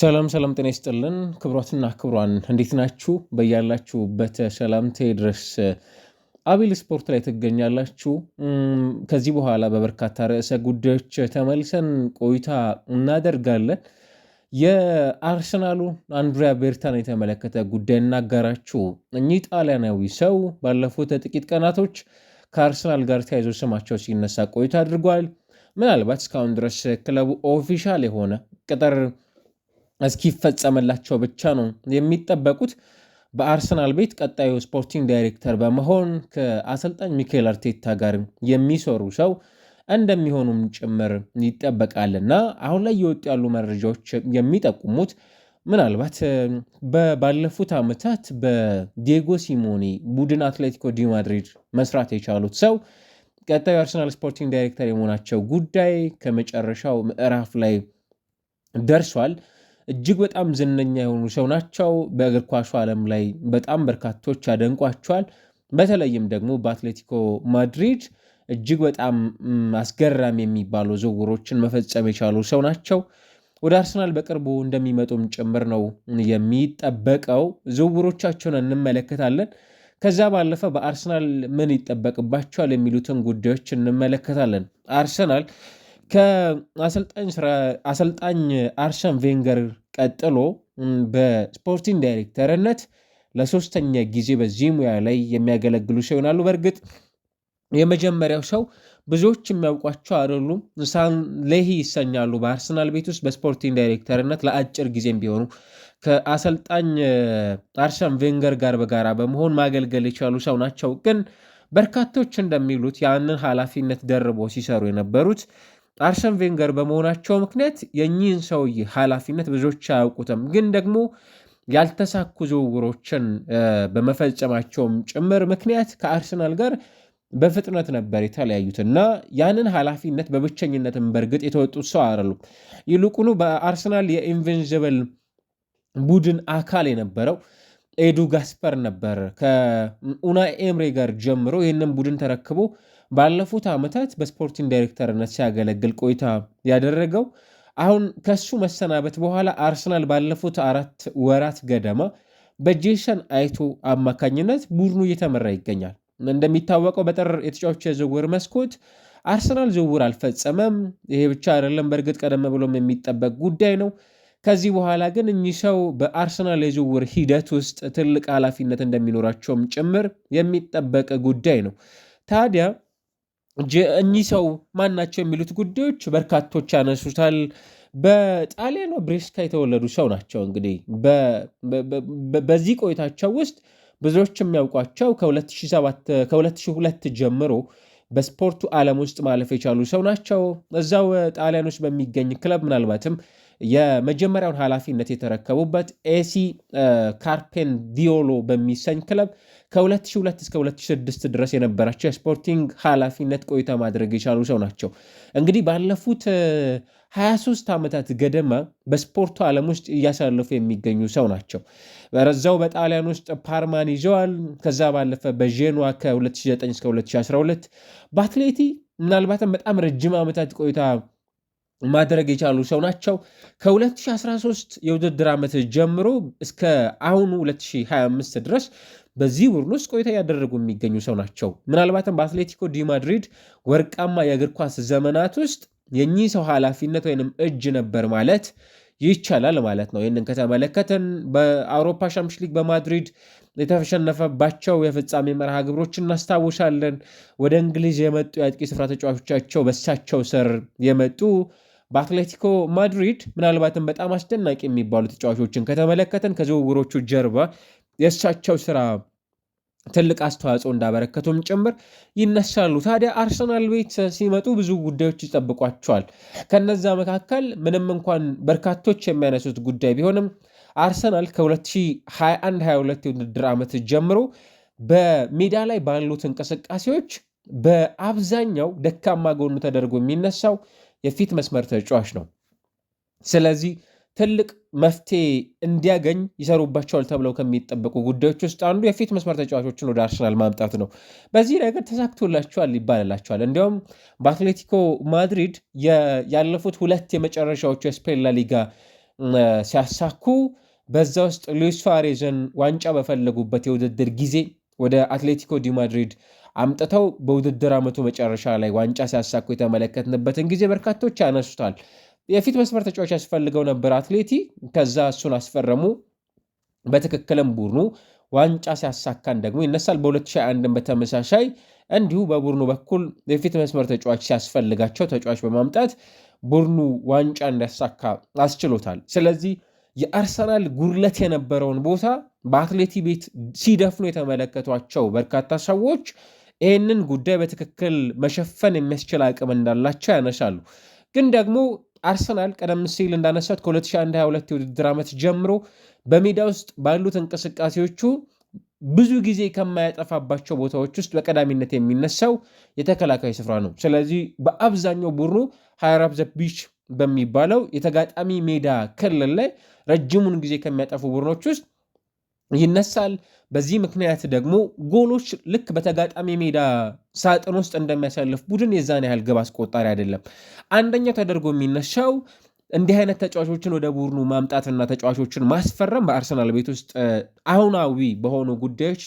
ሰላም ሰላም፣ ጤና ይስጥልን ክብሯትና ክብሯን፣ እንዴት ናችሁ? በያላችሁበት ሰላምታ ድረስ። አቤል ስፖርት ላይ ትገኛላችሁ። ከዚህ በኋላ በበርካታ ርዕሰ ጉዳዮች ተመልሰን ቆይታ እናደርጋለን። የአርሰናሉ አንድሪያ ቤርታን የተመለከተ ጉዳይ እናጋራችሁ። እኚህ ጣሊያናዊ ሰው ባለፉት ጥቂት ቀናቶች ከአርሰናል ጋር ተያይዞ ስማቸው ሲነሳ ቆይታ አድርጓል። ምናልባት እስካሁን ድረስ ክለቡ ኦፊሻል የሆነ ቅጥር እስኪፈጸምላቸው ብቻ ነው የሚጠበቁት። በአርሰናል ቤት ቀጣዩ ስፖርቲንግ ዳይሬክተር በመሆን ከአሰልጣኝ ሚካኤል አርቴታ ጋር የሚሰሩ ሰው እንደሚሆኑም ጭምር ይጠበቃልና አሁን ላይ የወጡ ያሉ መረጃዎች የሚጠቁሙት ምናልባት ባለፉት ዓመታት በዲየጎ ሲሞኔ ቡድን አትሌቲኮ ዲ ማድሪድ መስራት የቻሉት ሰው ቀጣዩ አርሰናል ስፖርቲንግ ዳይሬክተር የመሆናቸው ጉዳይ ከመጨረሻው ምዕራፍ ላይ ደርሷል። እጅግ በጣም ዝነኛ የሆኑ ሰው ናቸው። በእግር ኳሱ ዓለም ላይ በጣም በርካቶች ያደንቋቸዋል። በተለይም ደግሞ በአትሌቲኮ ማድሪድ እጅግ በጣም አስገራሚ የሚባሉ ዝውውሮችን መፈጸም የቻሉ ሰው ናቸው። ወደ አርሰናል በቅርቡ እንደሚመጡም ጭምር ነው የሚጠበቀው። ዝውውሮቻቸውን እንመለከታለን። ከዛ ባለፈ በአርሰናል ምን ይጠበቅባቸዋል የሚሉትን ጉዳዮች እንመለከታለን። አርሰናል ከአሰልጣኝ አርሰን ቬንገር ቀጥሎ በስፖርቲንግ ዳይሬክተርነት ለሶስተኛ ጊዜ በዚህ ሙያ ላይ የሚያገለግሉ ሰው ይሆናሉ። በእርግጥ የመጀመሪያው ሰው ብዙዎች የሚያውቋቸው አይደሉም። ሳን ሌሂ ይሰኛሉ። በአርሰናል ቤት ውስጥ በስፖርቲንግ ዳይሬክተርነት ለአጭር ጊዜም ቢሆኑ ከአሰልጣኝ አርሰን ቬንገር ጋር በጋራ በመሆን ማገልገል የቻሉ ሰው ናቸው። ግን በርካቶች እንደሚሉት ያንን ኃላፊነት ደርቦ ሲሰሩ የነበሩት አርሰን ቬንገር በመሆናቸው ምክንያት የእኚህን ሰውዬ ኃላፊነት ብዙዎች አያውቁትም። ግን ደግሞ ያልተሳኩ ዝውውሮችን በመፈጸማቸውም ጭምር ምክንያት ከአርሰናል ጋር በፍጥነት ነበር የተለያዩት እና ያንን ኃላፊነት በብቸኝነትም በእርግጥ የተወጡት ሰው አይደሉም። ይልቁኑ በአርሰናል የኢንቨንዚብል ቡድን አካል የነበረው ኤዱ ጋስፐር ነበር ከኡናይ ኤምሬ ጋር ጀምሮ ይህንን ቡድን ተረክቦ ባለፉት ዓመታት በስፖርቲንግ ዳይሬክተርነት ሲያገለግል ቆይታ ያደረገው አሁን ከሱ መሰናበት በኋላ አርሰናል ባለፉት አራት ወራት ገደማ በጄሰን አይቶ አማካኝነት ቡድኑ እየተመራ ይገኛል። እንደሚታወቀው በጥር የተጫዋቾች የዝውውር መስኮት አርሰናል ዝውውር አልፈጸመም። ይሄ ብቻ አይደለም፣ በእርግጥ ቀደም ብሎም የሚጠበቅ ጉዳይ ነው። ከዚህ በኋላ ግን እኚህ ሰው በአርሰናል የዝውውር ሂደት ውስጥ ትልቅ ኃላፊነት እንደሚኖራቸውም ጭምር የሚጠበቅ ጉዳይ ነው ታዲያ እኚህ ሰው ማን ናቸው የሚሉት ጉዳዮች በርካቶች ያነሱታል። በጣሊያኗ ብሬስካ የተወለዱ ሰው ናቸው። እንግዲህ በዚህ ቆይታቸው ውስጥ ብዙዎች የሚያውቋቸው ከ2002 ጀምሮ በስፖርቱ ዓለም ውስጥ ማለፍ የቻሉ ሰው ናቸው። እዛው ጣሊያን ውስጥ በሚገኝ ክለብ ምናልባትም የመጀመሪያውን ኃላፊነት የተረከቡበት ኤሲ ካርፔን ዲዮሎ በሚሰኝ ክለብ ከ2002 እስከ 2006 ድረስ የነበራቸው የስፖርቲንግ ኃላፊነት ቆይታ ማድረግ የቻሉ ሰው ናቸው። እንግዲህ ባለፉት 23 ዓመታት ገደማ በስፖርቱ ዓለም ውስጥ እያሳለፉ የሚገኙ ሰው ናቸው። በረዛው በጣሊያን ውስጥ ፓርማን ይዘዋል። ከዛ ባለፈ በዤኗ ከ2009 እስከ 2012 በአትሌቲ ምናልባትም በጣም ረጅም ዓመታት ቆይታ ማድረግ የቻሉ ሰው ናቸው። ከ2013 የውድድር ዓመት ጀምሮ እስከ አሁኑ 2025 ድረስ በዚህ ቡድን ውስጥ ቆይታ እያደረጉ የሚገኙ ሰው ናቸው። ምናልባትም በአትሌቲኮ ዲ ማድሪድ ወርቃማ የእግር ኳስ ዘመናት ውስጥ የኚህ ሰው ኃላፊነት ወይንም እጅ ነበር ማለት ይቻላል ማለት ነው። ይህንን ከተመለከትን በአውሮፓ ሻምፒዮንስ ሊግ በማድሪድ የተሸነፈባቸው የፍጻሜ መርሃ ግብሮች እናስታውሳለን። ወደ እንግሊዝ የመጡ የአጥቂ ስፍራ ተጫዋቾቻቸው በሳቸው ስር የመጡ በአትሌቲኮ ማድሪድ ምናልባትም በጣም አስደናቂ የሚባሉ ተጫዋቾችን ከተመለከተን ከዝውውሮቹ ጀርባ የእሳቸው ስራ ትልቅ አስተዋጽኦ እንዳበረከቱም ጭምር ይነሳሉ። ታዲያ አርሰናል ቤት ሲመጡ ብዙ ጉዳዮች ይጠብቋቸዋል። ከነዛ መካከል ምንም እንኳን በርካቶች የሚያነሱት ጉዳይ ቢሆንም አርሰናል ከ2021/22 የውድድር ዓመት ጀምሮ በሜዳ ላይ ባሉት እንቅስቃሴዎች በአብዛኛው ደካማ ጎኑ ተደርጎ የሚነሳው የፊት መስመር ተጫዋች ነው። ስለዚህ ትልቅ መፍትሄ እንዲያገኝ ይሰሩባቸዋል ተብለው ከሚጠበቁ ጉዳዮች ውስጥ አንዱ የፊት መስመር ተጫዋቾችን ወደ አርሰናል ማምጣት ነው። በዚህ ነገር ተሳክቶላቸዋል ይባልላቸዋል። እንዲያውም በአትሌቲኮ ማድሪድ ያለፉት ሁለት የመጨረሻዎቹ የስፔን ላሊጋ ሲያሳኩ በዛ ውስጥ ሉዊስ ፋሬዝን ዋንጫ በፈለጉበት የውድድር ጊዜ ወደ አትሌቲኮ ዲ ማድሪድ አምጥተው በውድድር ዓመቱ መጨረሻ ላይ ዋንጫ ሲያሳኩ የተመለከትንበትን ጊዜ በርካቶች ያነሱታል። የፊት መስመር ተጫዋች ያስፈልገው ነበር አትሌቲ። ከዛ እሱን አስፈረሙ። በትክክልም ቡድኑ ዋንጫ ሲያሳካን ደግሞ ይነሳል። በ2021 በተመሳሳይ እንዲሁ በቡድኑ በኩል የፊት መስመር ተጫዋች ሲያስፈልጋቸው ተጫዋች በማምጣት ቡድኑ ዋንጫ እንዲያሳካ አስችሎታል። ስለዚህ የአርሰናል ጉድለት የነበረውን ቦታ በአትሌቲ ቤት ሲደፍኑ የተመለከቷቸው በርካታ ሰዎች ይህንን ጉዳይ በትክክል መሸፈን የሚያስችል አቅም እንዳላቸው ያነሳሉ። ግን ደግሞ አርሰናል ቀደም ሲል እንዳነሳት ከ 2022 22 የውድድር ዓመት ጀምሮ በሜዳ ውስጥ ባሉት እንቅስቃሴዎቹ ብዙ ጊዜ ከማያጠፋባቸው ቦታዎች ውስጥ በቀዳሚነት የሚነሳው የተከላካይ ስፍራ ነው። ስለዚህ በአብዛኛው ቡድኑ ሃይራፕ ዘቢች በሚባለው የተጋጣሚ ሜዳ ክልል ላይ ረጅሙን ጊዜ ከሚያጠፉ ቡድኖች ውስጥ ይነሳል። በዚህ ምክንያት ደግሞ ጎሎች ልክ በተጋጣሚ ሜዳ ሳጥን ውስጥ እንደሚያሳልፍ ቡድን የዛን ያህል ግብ አስቆጣሪ አይደለም። አንደኛው ተደርጎ የሚነሳው እንዲህ አይነት ተጫዋቾችን ወደ ቡድኑ ማምጣትና ተጫዋቾችን ማስፈረም በአርሰናል ቤት ውስጥ አሁናዊ በሆኑ ጉዳዮች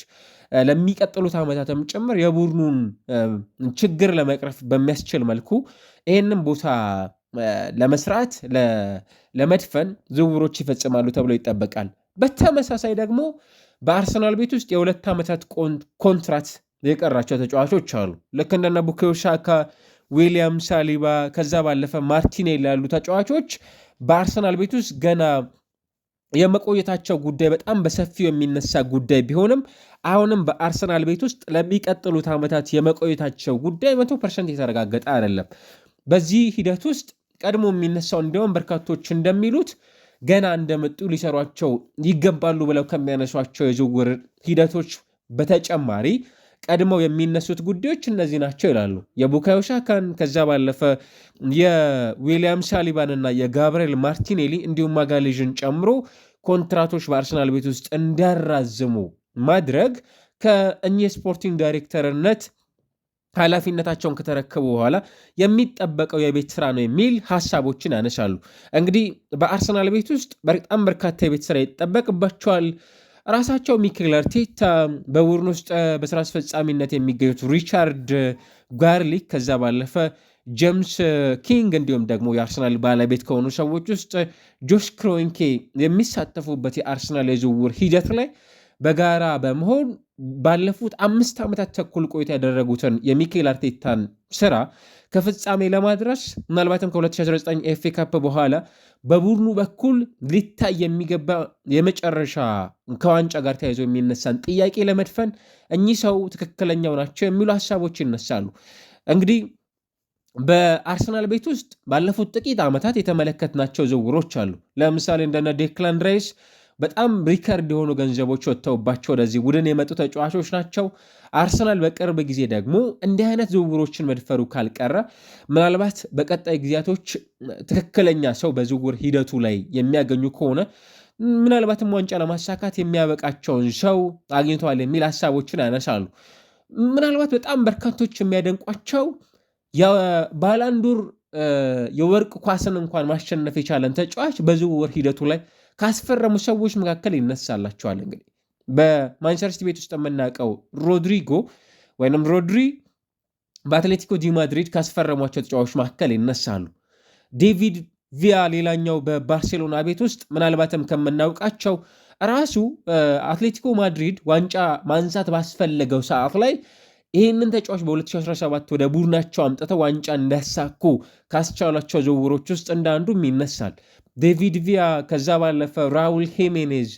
ለሚቀጥሉት ዓመታትም ጭምር የቡድኑን ችግር ለመቅረፍ በሚያስችል መልኩ ይህንም ቦታ ለመስራት ለመድፈን ዝውውሮች ይፈጽማሉ ተብሎ ይጠበቃል። በተመሳሳይ ደግሞ በአርሰናል ቤት ውስጥ የሁለት ዓመታት ኮንትራት የቀራቸው ተጫዋቾች አሉ። ልክ እንደነ ቡካዮ ሳካ፣ ዊሊያም ሳሊባ ከዛ ባለፈ ማርቲኔሊ ያሉ ተጫዋቾች በአርሰናል ቤት ውስጥ ገና የመቆየታቸው ጉዳይ በጣም በሰፊው የሚነሳ ጉዳይ ቢሆንም አሁንም በአርሰናል ቤት ውስጥ ለሚቀጥሉት ዓመታት የመቆየታቸው ጉዳይ መቶ ፐርሰንት የተረጋገጠ አይደለም። በዚህ ሂደት ውስጥ ቀድሞ የሚነሳው እንዲሆን በርካቶች እንደሚሉት ገና እንደመጡ ሊሰሯቸው ይገባሉ ብለው ከሚያነሷቸው የዝውውር ሂደቶች በተጨማሪ ቀድመው የሚነሱት ጉዳዮች እነዚህ ናቸው ይላሉ። የቡካዮ ሻካን ከዛ ባለፈ የዊሊያም ሳሊባንና የጋብርኤል ማርቲኔሊ እንዲሁም ማጋሌዥን ጨምሮ ኮንትራቶች በአርሰናል ቤት ውስጥ እንዲያራዝሙ ማድረግ ከእኚህ ስፖርቲንግ ዳይሬክተርነት ኃላፊነታቸውን ከተረከቡ በኋላ የሚጠበቀው የቤት ስራ ነው የሚል ሀሳቦችን ያነሳሉ። እንግዲህ በአርሰናል ቤት ውስጥ በጣም በርካታ የቤት ስራ ይጠበቅባቸዋል። ራሳቸው ሚኬል አርቴታ፣ በቡድን ውስጥ በስራ አስፈጻሚነት የሚገኙት ሪቻርድ ጋርሊክ፣ ከዛ ባለፈ ጄምስ ኪንግ እንዲሁም ደግሞ የአርሰናል ባለቤት ከሆኑ ሰዎች ውስጥ ጆሽ ክሮንኬ የሚሳተፉበት የአርሰናል የዝውውር ሂደት ላይ በጋራ በመሆን ባለፉት አምስት ዓመታት ተኩል ቆይታ ያደረጉትን የሚኬል አርቴታን ስራ ከፍጻሜ ለማድረስ ምናልባትም ከ2019 ኤፌ ካፕ በኋላ በቡድኑ በኩል ሊታይ የሚገባ የመጨረሻ ከዋንጫ ጋር ተያይዞ የሚነሳን ጥያቄ ለመድፈን እኚህ ሰው ትክክለኛው ናቸው የሚሉ ሀሳቦች ይነሳሉ። እንግዲህ በአርሰናል ቤት ውስጥ ባለፉት ጥቂት ዓመታት የተመለከትናቸው ዝውውሮች አሉ። ለምሳሌ እንደነ ዴክላን ራይስ በጣም ሪከርድ የሆኑ ገንዘቦች ወጥተውባቸው ወደዚህ ቡድን የመጡ ተጫዋቾች ናቸው። አርሰናል በቅርብ ጊዜ ደግሞ እንዲህ አይነት ዝውውሮችን መድፈሩ ካልቀረ ምናልባት በቀጣይ ጊዜያቶች ትክክለኛ ሰው በዝውውር ሂደቱ ላይ የሚያገኙ ከሆነ ምናልባትም ዋንጫ ለማሳካት የሚያበቃቸውን ሰው አግኝተዋል የሚል ሀሳቦችን ያነሳሉ። ምናልባት በጣም በርካቶች የሚያደንቋቸው የባላንዱር የወርቅ ኳስን እንኳን ማሸነፍ የቻለን ተጫዋች በዝውውር ሂደቱ ላይ ካስፈረሙ ሰዎች መካከል ይነሳላቸዋል። እንግዲህ በማንቸስተር ሲቲ ቤት ውስጥ የምናውቀው ሮድሪጎ ወይም ሮድሪ በአትሌቲኮ ዲ ማድሪድ ካስፈረሟቸው ተጫዋቾች መካከል ይነሳሉ። ዴቪድ ቪያ ሌላኛው በባርሴሎና ቤት ውስጥ ምናልባትም ከምናውቃቸው ራሱ አትሌቲኮ ማድሪድ ዋንጫ ማንሳት ባስፈለገው ሰዓት ላይ ይህንን ተጫዋች በ2017 ወደ ቡድናቸው አምጥተው ዋንጫ እንዳሳኩ ካስቻሏቸው ዝውውሮች ውስጥ እንዳንዱም ይነሳል። ዴቪድ ቪያ፣ ከዛ ባለፈ ራውል ሂሜኔዝ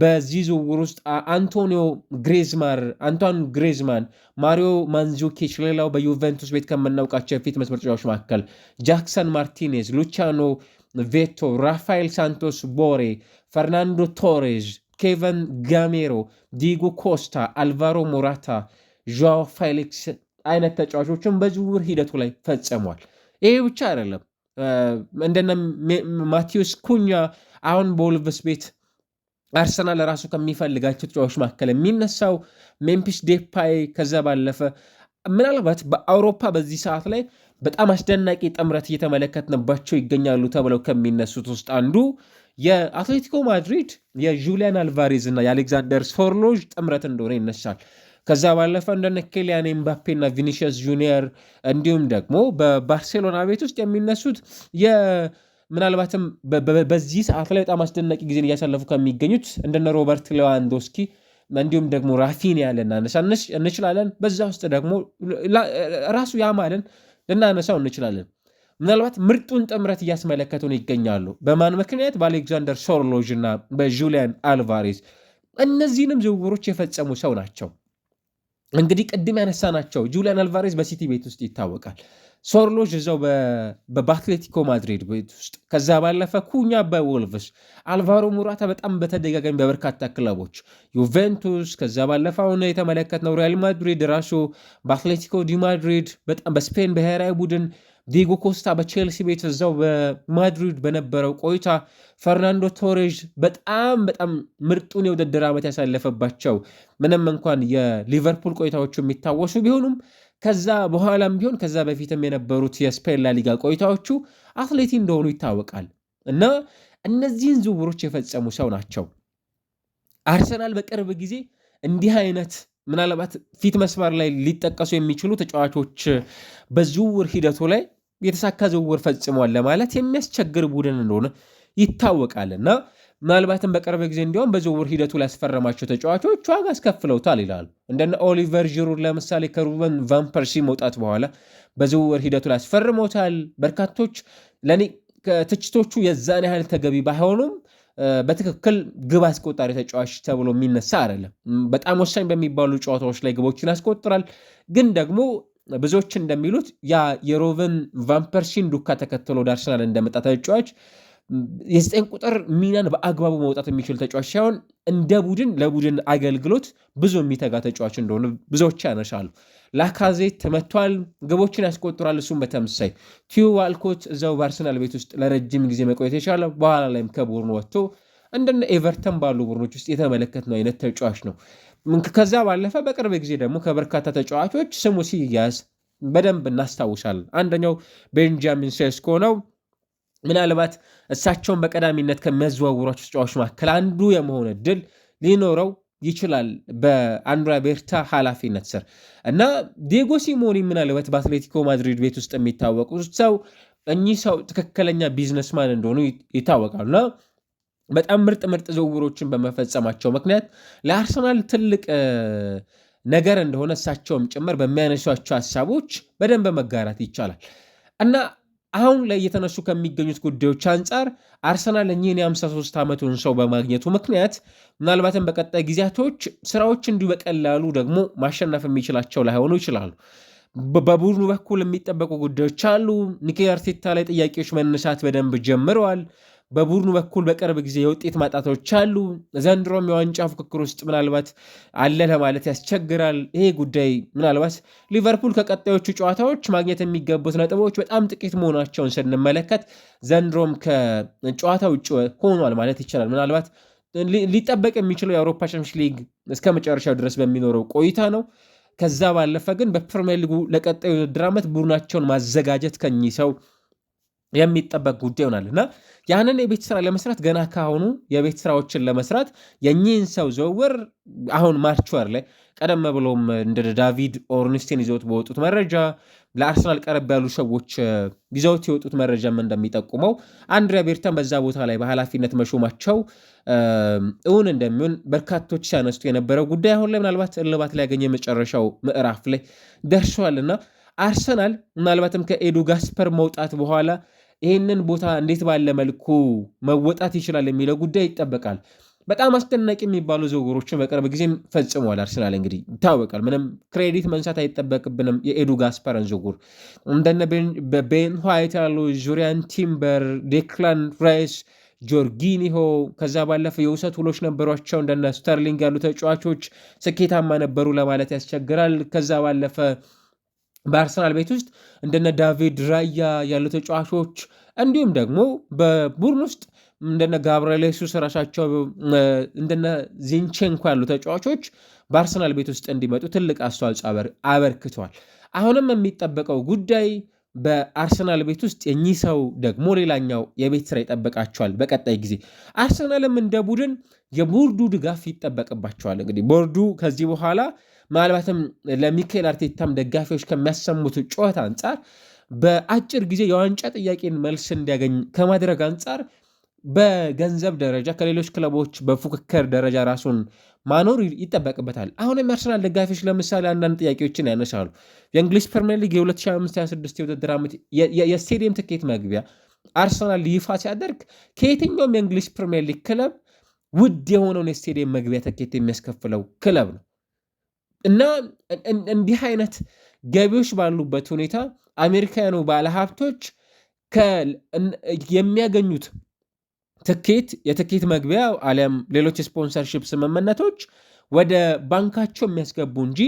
በዚህ ዝውውር ውስጥ አንቶኒዮ ግሬዝማር አንቷን ግሬዝማን፣ ማሪዮ ማንዙኪች፣ ሌላው በዩቨንቱስ ቤት ከምናውቃቸው የፊት መስመር ተጫዋቾች መካከል ጃክሰን ማርቲኔዝ፣ ሉቻኖ ቬቶ፣ ራፋኤል ሳንቶስ ቦሬ፣ ፈርናንዶ ቶሬዝ፣ ኬቨን ጋሜሮ፣ ዲጎ ኮስታ፣ አልቫሮ ሞራታ ዣዋ ፋይሌክስ አይነት ተጫዋቾችን በዝውውር ሂደቱ ላይ ፈጽሟል። ይሄ ብቻ አይደለም። እንደነ ማቴዎስ ኩኛ አሁን በወልቭስ ቤት አርሰናል ራሱ ከሚፈልጋቸው ተጫዋቾች መካከል የሚነሳው ሜምፒስ ዴፓይ ከዛ ባለፈ ምናልባት በአውሮፓ በዚህ ሰዓት ላይ በጣም አስደናቂ ጥምረት እየተመለከትንባቸው ይገኛሉ ተብለው ከሚነሱት ውስጥ አንዱ የአትሌቲኮ ማድሪድ የጁሊያን አልቫሬዝ እና የአሌክዛንደር ሶርሎጅ ጥምረት እንደሆነ ይነሳል። ከዛ ባለፈ እንደነ ኬሊያን ኤምባፔና ቪኒሽስ ጁኒየር እንዲሁም ደግሞ በባርሴሎና ቤት ውስጥ የሚነሱት ምናልባትም በዚህ ሰዓት ላይ በጣም አስደናቂ ጊዜን እያሳለፉ ከሚገኙት እንደነ ሮበርት ሌዋንዶስኪ እንዲሁም ደግሞ ራፊኒያ ልናነሳ እንችላለን። በዛ ውስጥ ደግሞ ራሱ ያማለን ልናነሳው እንችላለን። ምናልባት ምርጡን ጥምረት እያስመለከቱን ይገኛሉ። በማን ምክንያት? በአሌክዛንደር ሶርሎጅ እና በጁሊያን አልቫሬዝ። እነዚህንም ዝውውሮች የፈጸሙ ሰው ናቸው። እንግዲህ ቅድም ያነሳ ናቸው። ጁሊያን አልቫሬዝ በሲቲ ቤት ውስጥ ይታወቃል። ሶርሎጅ እዛው በአትሌቲኮ ማድሪድ ቤት ውስጥ፣ ከዛ ባለፈ ኩኛ በወልቭስ፣ አልቫሮ ሙራታ በጣም በተደጋጋሚ በበርካታ ክለቦች ዩቬንቱስ፣ ከዛ ባለፈ አሁን የተመለከትነው ሪያል ማድሪድ ራሱ በአትሌቲኮ ዲ ማድሪድ በጣም በስፔን ብሔራዊ ቡድን ዲጎ ኮስታ በቼልሲ ቤት እዛው በማድሪድ በነበረው ቆይታ ፈርናንዶ ቶሬዥ በጣም በጣም ምርጡን የውድድር ዓመት ያሳለፈባቸው ምንም እንኳን የሊቨርፑል ቆይታዎቹ የሚታወሱ ቢሆኑም ከዛ በኋላም ቢሆን ከዛ በፊትም የነበሩት የስፔን ላሊጋ ቆይታዎቹ አትሌቲ እንደሆኑ ይታወቃል እና እነዚህን ዝውውሮች የፈጸሙ ሰው ናቸው። አርሰናል በቅርብ ጊዜ እንዲህ አይነት ምናልባት ፊት መስመር ላይ ሊጠቀሱ የሚችሉ ተጫዋቾች በዝውውር ሂደቱ ላይ የተሳካ ዝውውር ፈጽሟል ለማለት የሚያስቸግር ቡድን እንደሆነ እና ምናልባትም በቅርብ ጊዜ እንዲሁም በዝውውር ሂደቱ ያስፈረማቸው ተጫዋቾች ዋጋ አስከፍለውታል ይላሉ። እንደነ ኦሊቨር ዥሩ ለምሳሌ ከሩበን ቫን መውጣት በኋላ በዝውውር ሂደቱ ላስፈርመውታል። በርካቶች ለእኔ ትችቶቹ የዛን ያህል ተገቢ ባይሆኑም በትክክል ግብ አስቆጣሪ ተጫዋች ተብሎ የሚነሳ አይደለም። በጣም ወሳኝ በሚባሉ ጨዋታዎች ላይ ግቦችን ያስቆጥራል። ግን ደግሞ ብዙዎች እንደሚሉት ያ የሮቨን ቫን ዱካ ተከትሎ ወደ አርሰናል እንደመጣ ተጫዋች የዘጠኝ ቁጥር ሚናን በአግባቡ መውጣት የሚችል ተጫዋች ሳይሆን እንደ ቡድን ለቡድን አገልግሎት ብዙ የሚተጋ ተጫዋች እንደሆነ ብዙዎች ያነሳሉ። ላካዜት ተመቷል፣ ግቦችን ያስቆጥራል። እሱም በተመሳሳይ ቲዩ ዋልኮት እዛው በአርሰናል ቤት ውስጥ ለረጅም ጊዜ መቆየት የቻለ በኋላ ላይም ከቡድኑ ወጥቶ እንደነ ኤቨርተን ባሉ ቡድኖች ውስጥ የተመለከትነው አይነት ተጫዋች ነው። ከዛ ባለፈ በቅርብ ጊዜ ደግሞ ከበርካታ ተጫዋቾች ስሙ ሲያዝ በደንብ እናስታውሳለን። አንደኛው ቤንጃሚን ሴስኮ ነው። ምናልባት እሳቸውን በቀዳሚነት ከሚያዘዋውሯቸው ተጫዋቾች መካከል አንዱ የመሆን እድል ሊኖረው ይችላል በአንድሪያ ቤርታ ኃላፊነት ስር እና ዲጎ ሲሞኒ ምናልባት በአትሌቲኮ ማድሪድ ቤት ውስጥ የሚታወቁ ሰው እኚህ ሰው ትክክለኛ ቢዝነስማን እንደሆኑ ይታወቃሉ እና በጣም ምርጥ ምርጥ ዝውውሮችን በመፈጸማቸው ምክንያት ለአርሰናል ትልቅ ነገር እንደሆነ እሳቸውም ጭምር በሚያነሷቸው ሀሳቦች በደንብ መጋራት ይቻላል እና አሁን ላይ እየተነሱ ከሚገኙት ጉዳዮች አንጻር አርሰናል እኚህን የ53 ዓመቱን ሰው በማግኘቱ ምክንያት ምናልባትም በቀጣይ ጊዜያቶች ስራዎች እንዲሁ በቀላሉ ደግሞ ማሸነፍ የሚችላቸው ላይሆኑ ይችላሉ። በቡድኑ በኩል የሚጠበቁ ጉዳዮች አሉ። ሚኬል አርቴታ ላይ ጥያቄዎች መነሳት በደንብ ጀምረዋል። በቡድኑ በኩል በቅርብ ጊዜ የውጤት ማጣቶች አሉ። ዘንድሮም የዋንጫ ፉክክር ውስጥ ምናልባት አለ ለማለት ያስቸግራል። ይሄ ጉዳይ ምናልባት ሊቨርፑል ከቀጣዮቹ ጨዋታዎች ማግኘት የሚገቡት ነጥቦች በጣም ጥቂት መሆናቸውን ስንመለከት ዘንድሮም ከጨዋታ ውጭ ሆኗል ማለት ይቻላል። ምናልባት ሊጠበቅ የሚችለው የአውሮፓ ቻምፒዮንስ ሊግ እስከ መጨረሻው ድረስ በሚኖረው ቆይታ ነው። ከዛ ባለፈ ግን በፕሪሚየር ሊጉ ለቀጣዩ ውድድር ዓመት ቡድናቸውን ማዘጋጀት ከኚህ ሰው የሚጠበቅ ጉዳይ ይሆናል እና ያንን የቤት ስራ ለመስራት ገና ካሁኑ የቤት ስራዎችን ለመስራት የኚህን ሰው ዝውውር አሁን ማርችወር ላይ ቀደም ብሎም እንደ ዳቪድ ኦርንስቴን ይዘውት በወጡት መረጃ ለአርሰናል ቀረብ ያሉ ሰዎች ይዘውት የወጡት መረጃም እንደሚጠቁመው አንድሪያ ቤርታን በዛ ቦታ ላይ በኃላፊነት መሾማቸው እውን እንደሚሆን በርካቶች ሲያነስቱ የነበረው ጉዳይ አሁን ላይ ምናልባት እልባት ሊያገኝ የመጨረሻው ምዕራፍ ላይ ደርሷልና አርሰናል ምናልባትም ከኤዱ ጋስፐር መውጣት በኋላ ይህንን ቦታ እንዴት ባለ መልኩ መወጣት ይችላል የሚለው ጉዳይ ይጠበቃል። በጣም አስደናቂ የሚባሉ ዝውውሮችን በቅርብ ጊዜም ፈጽመዋል አርሰናል። እንግዲህ ይታወቃል፣ ምንም ክሬዲት መንሳት አይጠበቅብንም። የኤዱ ጋስፐረን ዝውውር እንደነ በቤን ዋይት ያሉ ጁሪያን ቲምበር፣ ዴክላን ራይስ፣ ጆርጊኒሆ ከዛ ባለፈ የውሰት ውሎች ነበሯቸው። እንደነ ስተርሊንግ ያሉ ተጫዋቾች ስኬታማ ነበሩ ለማለት ያስቸግራል። ከዛ ባለፈ በአርሰናል ቤት ውስጥ እንደነ ዳቪድ ራያ ያሉ ተጫዋቾች እንዲሁም ደግሞ በቡድን ውስጥ እንደነ ጋብርኤል ሱስ ራሳቸው እንደነ ዚንቼንኮ ያሉ ተጫዋቾች በአርሰናል ቤት ውስጥ እንዲመጡ ትልቅ አስተዋጽኦ አበርክተዋል። አሁንም የሚጠበቀው ጉዳይ በአርሰናል ቤት ውስጥ የኚህ ሰው ደግሞ ሌላኛው የቤት ስራ ይጠበቃቸዋል። በቀጣይ ጊዜ አርሰናልም እንደ ቡድን የቦርዱ ድጋፍ ይጠበቅባቸዋል። እንግዲህ ቦርዱ ከዚህ በኋላ ምናልባትም ለሚካኤል አርቴታም ደጋፊዎች ከሚያሰሙት ጩኸት አንጻር በአጭር ጊዜ የዋንጫ ጥያቄን መልስ እንዲያገኝ ከማድረግ አንጻር በገንዘብ ደረጃ ከሌሎች ክለቦች በፉክክር ደረጃ ራሱን ማኖር ይጠበቅበታል። አሁንም የአርሰናል ደጋፊዎች ለምሳሌ አንዳንድ ጥያቄዎችን ያነሳሉ። የእንግሊዝ ፕሪምየር ሊግ የ 2526 የውድድር ዓመት የስቴዲየም ትኬት መግቢያ አርሰናል ይፋ ሲያደርግ ከየትኛውም የእንግሊዝ ፕሪሚየር ሊግ ክለብ ውድ የሆነውን የስቴዲየም መግቢያ ትኬት የሚያስከፍለው ክለብ ነው። እና እንዲህ አይነት ገቢዎች ባሉበት ሁኔታ አሜሪካውያኑ ባለሀብቶች የሚያገኙት ትኬት የትኬት መግቢያ አሊያም ሌሎች የስፖንሰርሺፕ ስምምነቶች ወደ ባንካቸው የሚያስገቡ እንጂ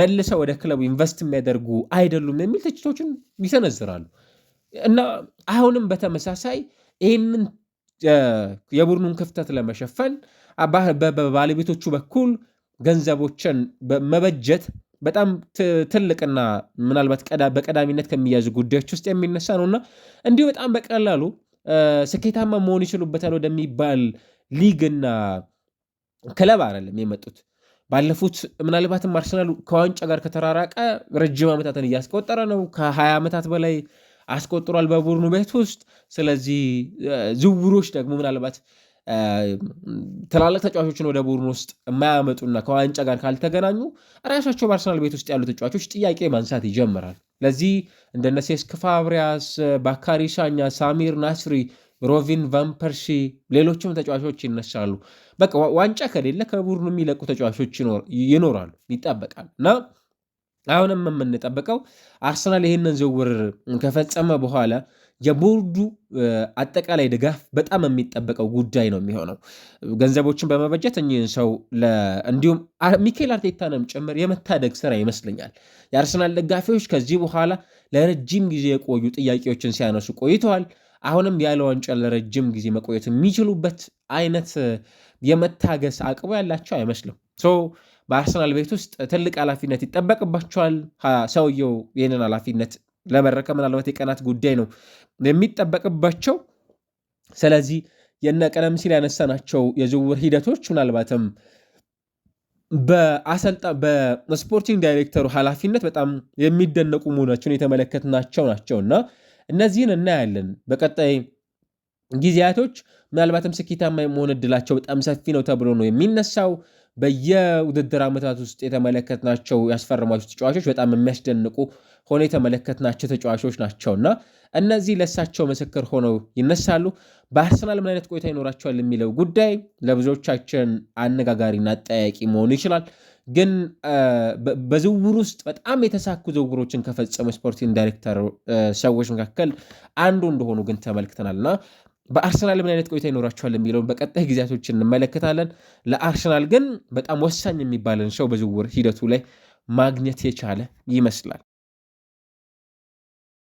መልሰው ወደ ክለቡ ኢንቨስት የሚያደርጉ አይደሉም የሚል ትችቶችን ይሰነዝራሉ እና አሁንም በተመሳሳይ ይህንን የቡድኑን ክፍተት ለመሸፈን በባለቤቶቹ በኩል ገንዘቦችን መበጀት በጣም ትልቅና ምናልባት በቀዳሚነት ከሚያዙ ጉዳዮች ውስጥ የሚነሳ ነውና እንዲሁ በጣም በቀላሉ ስኬታማ መሆን ይችሉበታል ወደሚባል ሊግና ክለብ አይደለም የመጡት። ባለፉት ምናልባትም አርሰናል ከዋንጫ ጋር ከተራራቀ ረጅም ዓመታትን እያስቆጠረ ነው። ከ20 ዓመታት በላይ አስቆጥሯል በቡድኑ ቤት ውስጥ። ስለዚህ ዝውውሮች ደግሞ ምናልባት ትላልቅ ተጫዋቾችን ወደ ቡድን ውስጥ የማያመጡና ከዋንጫ ጋር ካልተገናኙ ራሳቸው በአርሰናል ቤት ውስጥ ያሉ ተጫዋቾች ጥያቄ ማንሳት ይጀምራል። ለዚህ እንደነ ሴስክ ፋብሪያስ፣ ባካሪ ሳኛ፣ ሳሚር ናስሪ፣ ሮቪን ቫምፐርሲ ሌሎችም ተጫዋቾች ይነሳሉ። በቃ ዋንጫ ከሌለ ከቡድኑ የሚለቁ ተጫዋቾች ይኖራሉ ይጠበቃል እና አሁንም የምንጠብቀው አርሰናል ይህንን ዝውውር ከፈጸመ በኋላ የቦርዱ አጠቃላይ ድጋፍ በጣም የሚጠበቀው ጉዳይ ነው የሚሆነው። ገንዘቦችን በመበጀት እኚህን ሰው እንዲሁም ሚካኤል አርቴታንም ጭምር የመታደግ ስራ ይመስለኛል። የአርሰናል ደጋፊዎች ከዚህ በኋላ ለረጅም ጊዜ የቆዩ ጥያቄዎችን ሲያነሱ ቆይተዋል። አሁንም ያለ ዋንጫ ለረጅም ጊዜ መቆየት የሚችሉበት አይነት የመታገስ አቅቦ ያላቸው አይመስልም። በአርሰናል ቤት ውስጥ ትልቅ ኃላፊነት ይጠበቅባቸዋል። ሰውየው ይህንን ኃላፊነት ለመረቀ ምናልባት የቀናት ጉዳይ ነው የሚጠበቅባቸው። ስለዚህ የነ ቀደም ሲል ያነሳናቸው የዝውውር ሂደቶች ምናልባትም በስፖርቲንግ ዳይሬክተሩ ኃላፊነት በጣም የሚደነቁ መሆናቸውን የተመለከትናቸው ናቸው እና እነዚህን እናያለን በቀጣይ ጊዜያቶች ምናልባትም ስኬታማ የመሆን እድላቸው በጣም ሰፊ ነው ተብሎ ነው የሚነሳው። በየውድድር ዓመታት ውስጥ የተመለከትናቸው ያስፈረሟቸው ተጫዋቾች በጣም የሚያስደንቁ ሆነ የተመለከትናቸው ተጫዋቾች ናቸው እና እነዚህ ለእሳቸው ምስክር ሆነው ይነሳሉ። በአርሰናል ምን አይነት ቆይታ ይኖራቸዋል የሚለው ጉዳይ ለብዙዎቻችን አነጋጋሪና ጠያቂ መሆኑ ይችላል። ግን በዝውውር ውስጥ በጣም የተሳኩ ዝውውሮችን ከፈጸሙ ስፖርቲንግ ዳይሬክተር ሰዎች መካከል አንዱ እንደሆኑ ግን ተመልክተናል እና በአርሰናል ምን አይነት ቆይታ ይኖራቸዋል የሚለውን በቀጣይ ጊዜያቶች እንመለከታለን። ለአርሰናል ግን በጣም ወሳኝ የሚባለን ሰው በዝውውር ሂደቱ ላይ ማግኘት የቻለ ይመስላል።